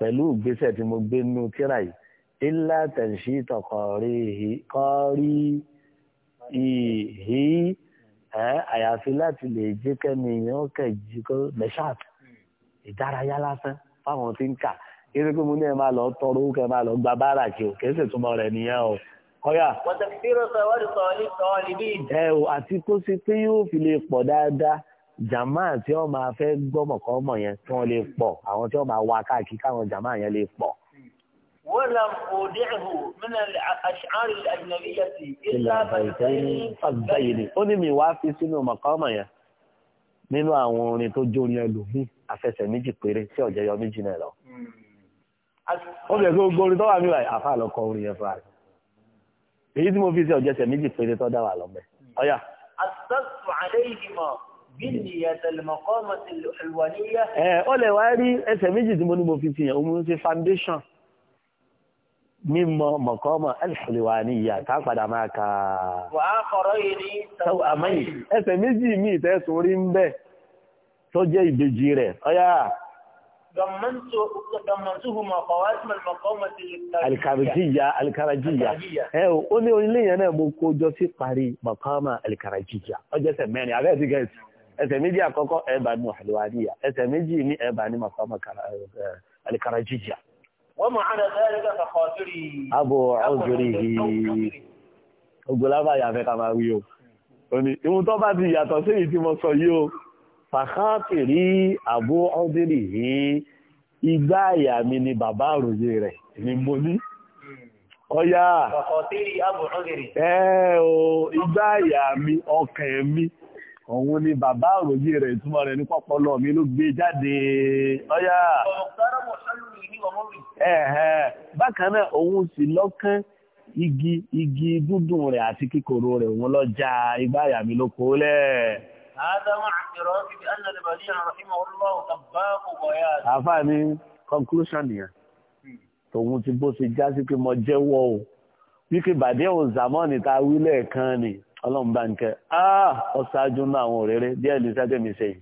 pẹ̀lú ìgbésẹ̀ tí mo gbé nínú tíra yìí ilá tẹ̀sí tọkọ̀rí ìhí àyàfi láti lè jẹ́ kẹ́mi èèyàn kẹ̀ jí kó mẹ́ṣáàtì hmm. ìdárayá lásán fáwọn tí ń kà kí ni pé mo ní ẹ máa lọ tọrọ ó kẹ máa lọ gba báárà kí o kì í sì túmọ̀ rẹ̀ nìyẹn o ọ̀yà. ẹ o àti kó sí pé yóò fi lè pọ̀ dáadáa jàmáà tí wọ́n máa fẹ́ gbọ́mọ̀kọ́mọ̀ yẹn tí wọ́n lè pọ̀ àwọn tí wọ́n máa wá káàkiri káwọn jàmáà yẹn lè pọ̀. ولم أودعه من الأشعار الأجنبية إلا بيتين فقدين ó ní mi wá fi sínú maqama yẹn nínú àwọn orin tó jó ẹlòmíì afẹsẹ̀ méjì péré tí ọ̀jẹ̀ yọ méjì náà lọ. wọ́n bẹ̀rẹ̀ pé gbogbo orin tó wà mí báyìí àfa lọ kọ orin yẹn fún ààrẹ. èyí tí mo fi ṣe ọ̀jẹ̀sẹ̀ méjì péré tó dá wà lọ́mọ ọ̀yà. àtúntò àléhìmọ̀ bí ìyàtọ̀lẹ̀mọ̀kọ́ mọ̀ sí ìwàníyà. ẹ ọ lè wá rí ẹsẹ̀ méjì tí mo ní mo fi fi yàn òun ṣe foundation mímọ mọ̀kọ́mọ̀ alìṣẹ̀lẹ̀wàníyà ká padà máa ka. wàá kọ̀rọ̀ yìí ní. ẹsẹ̀ méjì míì tẹ́sùn rí ń bẹ́ẹ̀ tó jẹ́ ìbejì rẹ̀ ọ̀yà. alikarajiya alikarajiya ẹ o ó ní onílé yẹn náà mo kó jọ sí parí mọ̀kánmá alikarajiya ọjọ́ ẹsẹ̀ mẹ́rin abẹ́ ti gẹ̀ẹ́sì ẹsẹ̀ méjì àkọ́kọ́ ẹ̀ bá ní àlùwádìyà ẹsẹ̀ méjì ní ẹ̀ bá ní mọ̀kánmá alikarajiya. abo ọ̀gbìnrin yìí ogun lábàáyà fẹ́ ká máa wí o. òní bá ti yàtọ̀ sí èyí tí mo sọ yìí o fàkàtìrí àbú ọ́dírì yìí igbá àyà mi ni bàbá àròyé rẹ̀ ni mo ní ọya fàkàtìrí àbú ọ́dírì ẹ́ o igbá àyà mi ọkàn mi òun ni bàbá àròyé rẹ̀ ìtumọ̀ rẹ̀ ní pọ́pọ́lọ́ mi ló gbé jáde ọya ẹ̀hẹ̀ bákan náà òun sì lọ́kàn igi igi dúdùn rẹ̀ àti kíkorò rẹ̀ òun lọ já igbá àyà mi ló kó lẹ́ẹ̀. هذا مع اعترافي بأن البديع رحمه الله طباق بيان àfààní conclusion yẹn hmm. tòun ti bó ṣe já sí pé mo jẹ́wọ́ o wíkì bàdé ò zàmọ́ ní ta wí lẹ́ẹ̀kan ni ọlọ́run bá ń kẹ́ ah ọ ṣáájú náà àwọn òréré díẹ̀ ní sẹ́tẹ̀ mi ṣe yìí.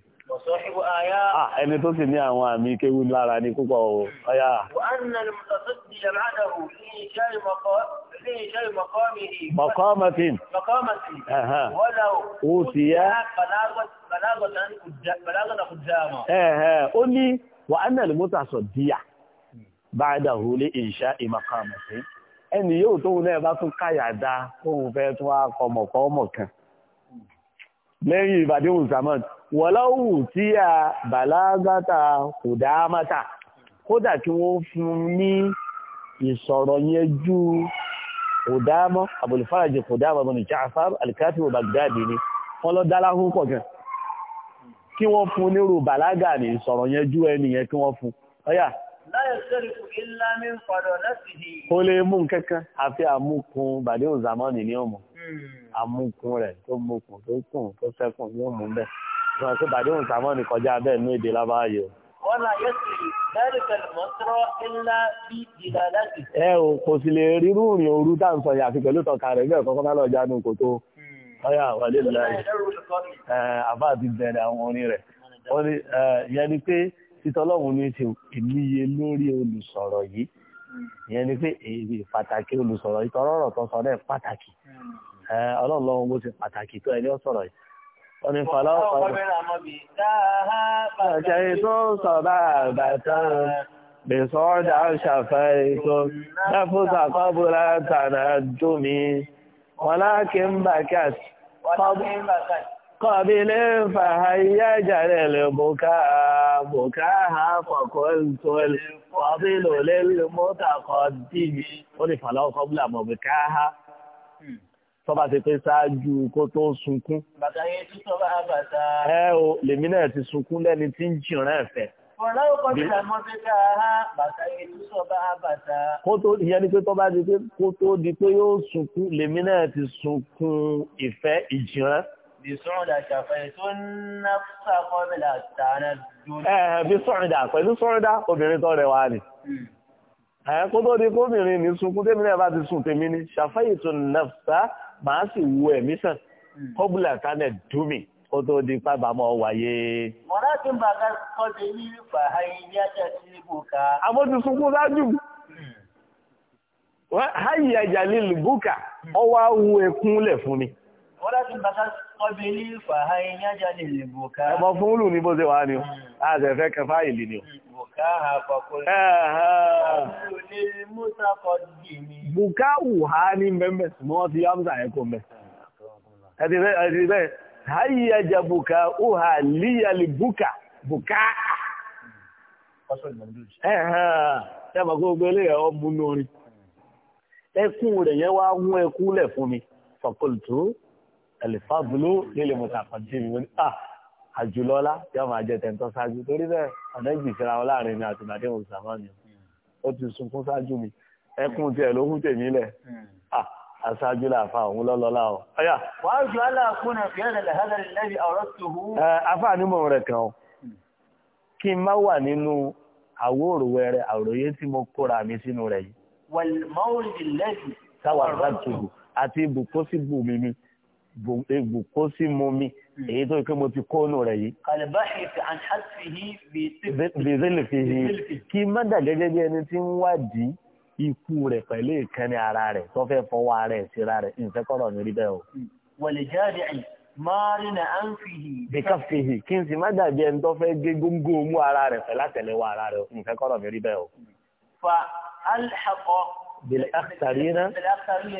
Ah, ẹni tó sì ní àwọn àmì kéwú lára ní púpọ̀ o ọ̀yà. wàá nà lè mú مقامة مقامة ولو أوتي بلاغة قدامة اها قولي وأن المتصديع بعده لإنشاء مقامة ẹni yóò tóun náà bá tún káyàdá kóun fẹ́ tún wá kọmọ̀kọ́mọ̀ kan lẹ́yìn ìbàdí òsàmọ́t wọ́láwù tí a bàlágátà kò dáámátà kódà kí wọ́n fún ní ìsọ̀rọ̀ yẹn ju Qudama Abul Faraj Qudama ibn Ja'far al-Katib Baghdadi ni wọ́n lọ dá láhùn pọ̀ gan kí wọ́n fún nírú bàlágà ní sọ̀rọ̀ yẹn jú ẹni yẹn kí wọ́n fún ọyà ó lè mú kankan àfi àmúkun bàdé òzàmọ́nì ní ọmọ hmm. àmúkun rẹ̀ tó múkun tó kùn tó sẹ́kùn yóò mú bẹ́ẹ̀ wọ́n pé bàdé òzàmọ́nì kọjá bẹ́ẹ̀ ní èdè lábáyé o wọ́n ẹ ò kò sì lè rírú ìrìn òru tá à ń sọ yàfi pẹ̀lú tọ̀ka rẹ̀ bẹ́ẹ̀ kọ́kọ́ bá lọ jánu kò tó ọyà hmm. wàlé láì àbá àti bẹ̀rẹ̀ àwọn orin rẹ̀ ìyẹn ni pé títọ́lọ́hún ní ṣe ìníye lórí olùsọ̀rọ̀ yìí hmm. ìyẹn ni pé èyí pàtàkì olùsọ̀rọ̀ yìí tó sọ náà pàtàkì hmm. ọlọ́run lọ́wọ́ bó ti pàtàkì tó ẹni ọ̀sọ̀rọ̀ yìí ọ̀nì fàlà ọ̀pàdé. Ṣàṣẹ tó sọ̀bà àbàtàn bẹ̀sọ̀ ọ̀dà ṣàfẹ́ ètò láfúta kọ́bùrà tànà jómi. Wàlákin bàkàt kọ̀bílé fàhàyà jàrẹ̀ lè bùkà bùkà ha fọ̀kọ́lùtò kọ̀bílò lè mọ́tàkọ̀ dìbì. Ó ní fàlà ọkọ̀ bùlà mọ̀ bùkà ha tọ́ba ti pé ṣáájú kó tó sunkún. bàtà yẹn tún tọ́ba àbàtà. ẹ o lèmi náà ti sunkún lẹ́ni tí ń jìnrán ẹ̀fẹ̀. Kótó ìyẹn ni pé tó bá di pé kótó di pé yóò sunkún lèmi náà ti sunkún ìfẹ́ ìjìnrán. Bísọ̀rìndà ṣàfẹ́ tó ná sàkọ́bìlà tààrà dúró. Ẹ̀ẹ̀ bísọ̀rìndà pẹ̀lú sọ̀rìndà obìnrin tó rẹwà ni. Hmm. Ẹ̀ẹ̀ kótó di kóbìnrin ní sunkún tèmi náà bá ti sùn tèmi ni ṣàfẹ́ ìtò màá sì wo ẹ̀mí sàn hmm. kọ́bùlà kánẹ̀ dùnmí kó tó di pábà mọ́ wáyé. mọ̀rá tí ń bàgá kọ́dé ní fàá ilé ajá sí ibò ká. amójúsùnkún lájú háyì hmm. ajá lílù búkà ọwọ́ hmm. awo ẹkúnlẹ̀ fún mi. mọ̀rá tí ń bàgá kọ́dé ní fàá ilé ajá lílù búkà. ẹ̀mọ́ fún lù ní bó ṣe wà ní o àtẹ̀fẹ́ kẹfà ìlì ni o. bùkà àpapọ̀. Bùká wùhá ní mẹ́mẹ́ mọ́ ti Hamza ẹ̀kọ́ mẹ́. Ẹ̀tì bẹ́ẹ̀, hayyaja bùká wùhá líyàlì bùká bùká. Ẹ̀hàn, ẹkún rẹ̀ yẹn wá mú ẹkún lẹ̀ fún mi. Fọ̀kọ̀lùtù, ẹ̀lẹ̀fàbùlù lílẹ̀ mọ̀tàkọ̀jì mi. Ah, àjùlọ́lá yóò máa jẹ tẹ̀ntọ́ ṣáájú torí bẹ́ẹ̀ ọ̀nà ìgbìsíra wọn láàrin mi àti Nàdé Mùsàmánì ó ti sunkún ṣáájú mi ẹkún tiẹ̀ ló hú tèmi lẹ̀ hmm. ah, aṣáájú làfà òun lọ́lọ́lá o. ọ̀yà wàá ju aláàkúnà fìyàrá lẹ́hàdàrí lẹ́bi ọ̀rọ̀ tó hú. afá ànímọ̀ rẹ̀ kan o hmm. kí n má wà nínú àwo òròwé rẹ àròyé tí mo kóra mi sínú rẹ̀ yìí. Hmm. èyí tó kí mo ti kóónù rẹ̀ yìí. bèzélìfihì kí mọ́dà gẹ́gẹ́ bí ẹni tí ń wádìí ikú rẹ̀ pẹ̀lú ìkànnì ara rẹ̀ tó fẹ́ fọwọ́ ara ẹ̀ síra rẹ̀ ǹfẹ́ kọ́rọ̀ ní rí bẹ́ẹ̀ o. wọ̀lẹ̀ jáde àyè máàrí na à ń fihì. bíkà fihì kí n sì má dàbí ẹni tó fẹ́ gé góńgó mú ara rẹ̀ pẹ̀lú àtẹ̀lẹ́wọ̀ ara rẹ̀ ǹfẹ́ kọ́rọ̀ ní rí o. fa alḥaqọ. bìlẹ̀ àkàrí náà. bìlẹ̀ àkàrí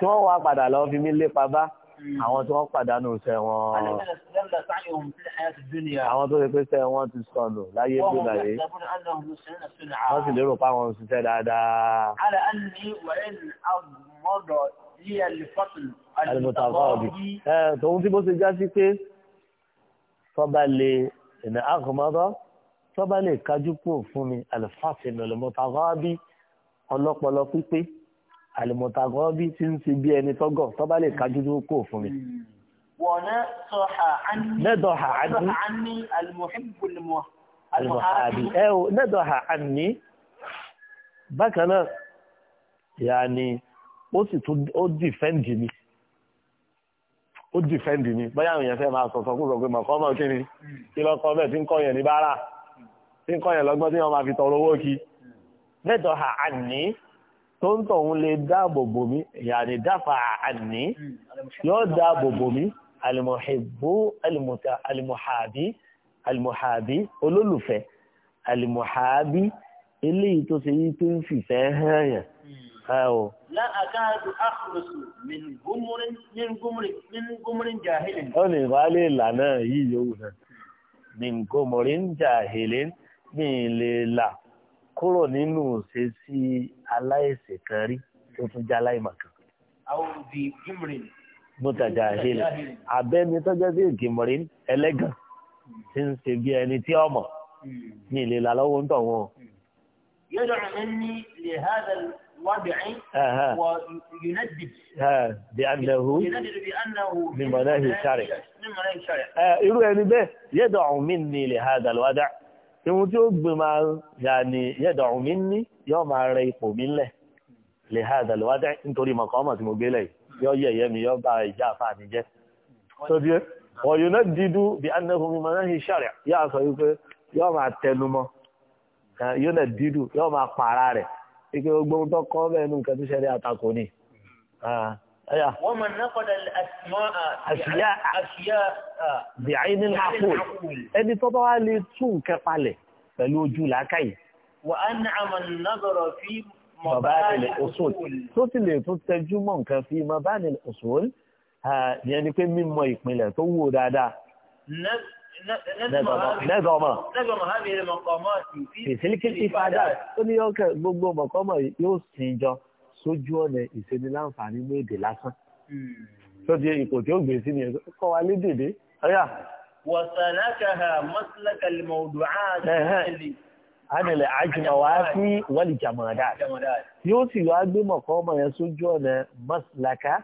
tí wọ́n wá padà lọ fi mí lépa bá àwọn tí wọ́n pàdánù iṣẹ́ wọn àwọn tó lè pé iṣẹ́ wọn ti sọnù láyé tó láyé wọ́n sì lérò páwọn ń ṣiṣẹ́ dáadáa. alimutafọ́ọ̀dì tòun tí bó ṣe já sí pé tọ́ba lè ìnà àkọ́mọ́tọ́ tọ́ba lè kájú kúrò fún mi alifásitì lọ́lọ́mọ́tàfọ́ọ̀dì ọlọ́pọlọ pípé àlùmọ̀tàgọ́ bí ti ń ṣe bí ẹni tọ́gọ̀ tó bá lè kájú tó kò fún mi. wọ̀nà sọ̀hà ánì alùmọ̀hìbùlùmọ̀ alùmọ̀hàbì. ẹ o nẹ́dọ̀hà ánì bákan náà yàní ó sì tún ó dìfẹ́ǹdì mi ó dìfẹ́ǹdì mi bóyá àwọn èèyàn fẹ́ máa sọ̀sọ̀ kúrò pé màkọ́ náà kí ni hmm. kí lọ́kọ́ bẹ́ẹ̀ tí ń kọ́ ní báárà tí ń kọ́ lọ́gbọ́n tí wọ́n máa fi tọrọ owó kí hmm. nẹ́dọ̀hà ánì tó ń tọ̀hún lè dáàbò bò mí yàní dáfà àní yóò dáàbò bò mí alìmọ̀hìbó alìmọ̀hàbí alìmọ̀hàbí olólùfẹ́ alìmọ̀hàbí eléyìí tó ṣe yìí tó ń fìfẹ́ hàn yàn. Hmm. La àkáàdù àkùrùsù min gómìnrin jàhìlín. Ó ní ìbálẹ̀ ìlànà yìí yóò wù náà. Min gómìnrin jàhìlín mi kúrò nínú ṣe sí aláìsè kan rí tó tún jẹ́ aláìmọ̀kan. àwọn òbí gímrin. mútajà àhìlẹ abẹ́ni tọ́jú sí gímrin ẹlẹ́gàn tí ń ṣe bí ẹni tí ọmọ ní ìlera lọ́wọ́ ń tọ̀ wọn. yóò dọ̀rọ̀ ẹni lè ha وضعي ويندب بأنه بأنه من مناهج الشرع من مناهج الشرع irú ẹni bẹ́ẹ̀ يدع مني لهذا الوضع ìwọ̀n tí ó gbé máa yà ní yẹ̀dọ̀ ọ̀hún mi ní yóò máa rẹ ipò mi lè ha àdàlẹ̀ wá dẹ́ nítorí mọ̀kànmọ̀ tí mo gbé lẹ̀ yóò yẹ̀ yẹ́ mi yóò bá ìjà àfààní jẹ́ tó bí wọ́n yóò náà dídú bí anáhùn mi máa náà ṣàrẹ̀ yóò sọ wípé yóò máa tẹnu mọ. náà dídú yóò máa pààrà rẹ̀ ike gbogbo ohun tó kọ́ bẹ́ẹ̀ nù nǹkan tó ṣẹlẹ̀ àtakò ni ومن نقد الأسماء أشياء أشياء بعين العقول ẹni tó bá wá lè tún nǹkan palẹ̀ pẹ̀lú ojú làákàyè. وأنعم النظر في مباني الأصول tó sì lè tún tẹjú mọ́ nǹkan fi مباني الأصول yẹn ni pé mímọ̀ ìpìlẹ̀ tó wò dáadáa. nẹ́gọ̀mọ̀ nẹ́gọ̀mọ̀ fi sílíkì ìfádà tó ní yọ̀ọ́kẹ́ gbogbo mọ̀kọ́mọ̀ yóò sìn jọ sójú ọ̀nà ìṣeniláǹfààní ní èdè lásán. sọ́dí hmm. ipò tí ó gbé sí ni kọ́ wa lé dèdè. wàsánàkàhà mọ́sálàkàlì mọ̀ọ́dù áàdìlẹ̀. ánilẹ̀ àjùmọ̀ wá sí wọ́lì jàmọ̀dá. yóò sì wá gbé mọ̀kọ́ ọmọ yẹn sójú ọ̀nà mọ́sálàkà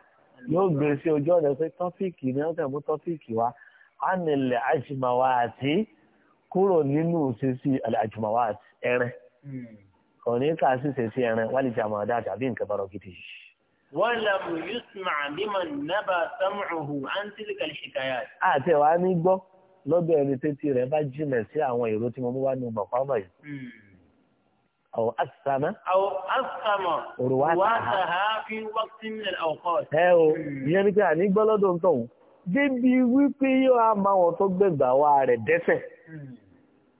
yóò gbé sí ojú ọ̀nà pé tọ́fíìkì ni wọ́n kàn mú tọ́fíìkì wá ánilẹ̀ àjùmọ̀ wá àti kúrò nínú òṣèṣì àjùmọ̀ wá àti ẹ̀rẹ́. Hmm. kò ní ká ṣìṣe sí ẹran wálé jàmọ̀ àdá tàbí nǹkan bọ̀rọ̀ gidi. wọ́n làmù yusma bímọ nábà samuhu antilikal shikayat. àti ẹ̀ wá ní gbọ́ lọ́dọ̀ ẹni tẹ́tí rẹ̀ bá jìnà si awon èrò ti mo mú wá hmm. hmm. ní mọ̀pámọ̀ yìí. أو أسهم أو أسهم رواتها في وقت من الأوقات أو wa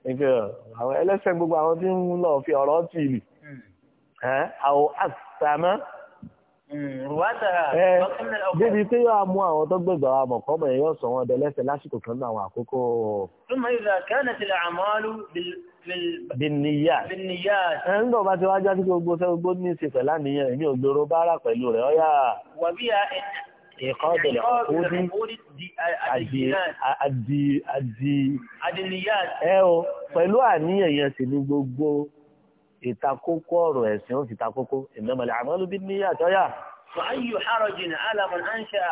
nígbà àwọn ẹlẹ́sẹ̀ gbogbo àwọn tí ń lọ fi ọ̀rọ̀ tì lì àwọn àtàmọ́. Débi pé yóò mú àwọn tó gbẹ̀gbẹ̀ àwọn àmọ̀kọ́mọ̀ yóò sọ wọn dẹlẹ́sẹ̀ lásìkò kan náà àwọn àkókò. Túmọ̀ ìlà kẹ́rin ti lè ti wájú àti gbogbo sẹ́ ní ìsìn pẹ̀lá èmi ò gbèrò báárà pẹ̀lú rẹ̀ ọ́yà. Wàbí إيقاظ العقود الدينيات ẹ̀rọ pẹ̀lú àníyàn yẹn sì ni gbogbo ìtakókó ọ̀rọ̀ ẹ̀sìn ó fi takókó إنما الأعمال بالنيات àtọ́yà. فأي حرج على من أنشأ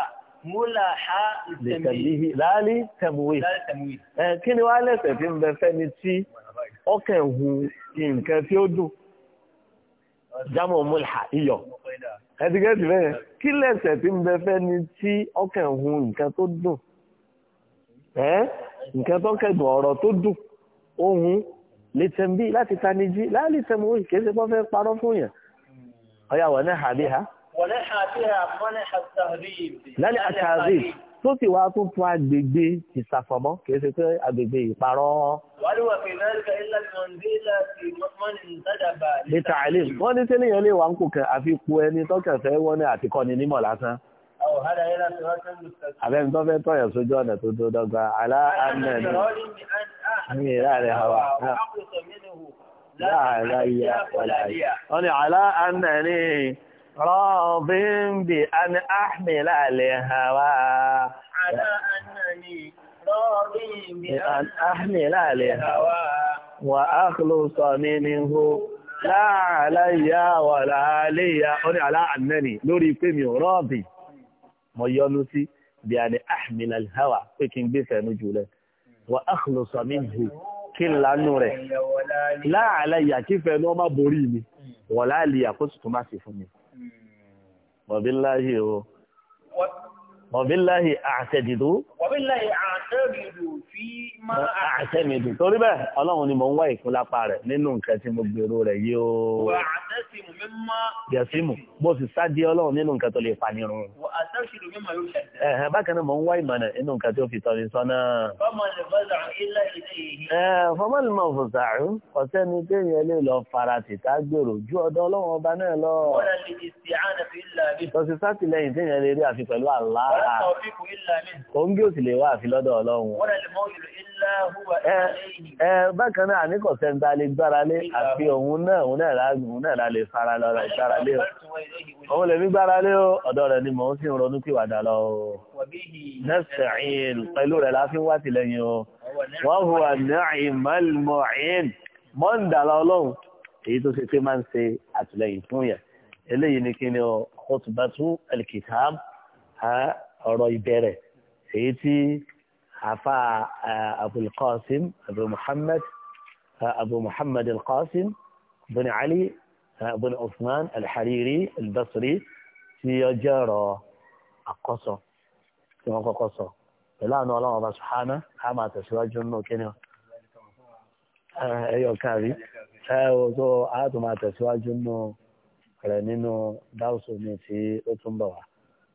múláhá ìtẹ̀mí láàlí tẹ̀múwé kí ni wá lẹ́sẹ̀ tí ń bẹ fẹ́ni tí ọkẹ̀ hu nǹkan tí ó dùn jámọ̀ múláhá iyọ̀ ẹ̀dígẹ́tì bẹ́ẹ̀ kí lẹ̀sẹ̀ tí ń bẹ fẹ́ ni tí ọkàn hun nǹkan tó dùn ẹ́ nǹkan tó kẹ̀dùn ọ̀rọ̀ tó dùn ohun lè tẹ̀ bí láti tanijí láàlì tẹ̀mú òyìn kìí ṣe pọ́ fẹ́ parọ́ fún yàn ọ̀yà wọ̀nẹ́ àbíhá. wọ̀nẹ́ àbíhá mọ́nẹ́ àtàrí tó sì wá tún fún agbègbè ìsàfọ̀mọ́ kìí ṣe pé agbègbè ìparọ́. níta àlè wọ́n ní sílẹ̀ yẹn lè wà ń kò kẹ́ àfikún ẹni tọ́kẹ̀fẹ́ wọ́n ní àtikọ́ ni nímọ̀ lásán. Àbẹ́mi tó fẹ́ tọ̀yọ̀ sójú ọ̀nà tó tó dọ́gba aláàánà ni. Wọ́n ní aláàánà ni. راض بأن أحمل لهوى على أنني راض بأن أحمل لهوى وأخلص منه لا علي ولا لي أني على أنني لوري بمي راضي mo yọnu sí bí a ní àmìlà ìhàwà pé kí n gbé fẹ̀ẹ́nu jù lẹ wà áhùlùsọ mi hù kí n lánú rẹ̀ láàlẹ́ ìyà kí fẹ̀ẹ́nu ọmọ borí mi wọ̀ láàlẹ́ ìyà kó sì tún má sí fún mi bọ̀bí láyé o wọ̀bíláhì àtẹ̀dìdú wọ̀bíláhì àtẹ̀dìdú fi máa àtẹ̀mìdù torí bẹ́ẹ̀ ọlọ́run ni mò ń wá ìkúlápá rẹ̀ nínú nǹkan tí mo gbèrò rẹ̀ yìí o wà àtẹ̀sìmù mímọ́ yẹ̀sìmù bó sì sáàdì ọlọ́run nínú nǹkan tó lè pa nírun wà àtẹ̀sìmù mímọ́ yóò ṣẹ̀dẹ̀ ẹ̀hẹ̀ bákan náà mò ń wá ìmọ̀nà nínú nǹkan tí ó fi tọ́ni sọ́nà fọmọlì mọ̀ òun bí ó sì lè wá àfi lọ́dọ̀ ọlọ́run. ẹ bákan náà àníkọ̀ sẹ́ńtà lè gbára lé àfi òun náà òun náà rà òun náà rà lè fara lọ rẹ̀ gbára lé o. òun lè mí gbára lé o ọ̀dọ̀ rẹ̀ ni mò ń sì ń ronú pìwàdà lọ o. nẹ́sìn pẹ̀lú rẹ̀ láfi ń wá tìlẹ́yìn o. wọ́n hùwà náà ìmọ̀lmọ̀ ìn mọ́ǹdà lọ́lọ́run èyí tó ṣe pé máa ń ṣe àtìlẹ́yìn fún yẹn eléyìí ni kí ni ọ khutbatu al-kitab ha ọ̀rọ̀ ìbẹ̀rẹ̀ èyí tí afa abul qasim abu muhammad abu muhammad al-qasim bin ali bin usman alhariri hariri ó ọjọ́ àkọ́sọ tí wọ́n kọ́kọ́ sọ pẹ̀lú àwọn ọlọ́run ọba sùhánà a máa tẹ̀síwájú nínú kíni ẹ̀yọ̀ kárí ẹ̀wọ̀ tó a tó máa tẹ̀síwájú nínú rẹ̀ nínú dáwùsù mi tí ó tún bọ̀ wá.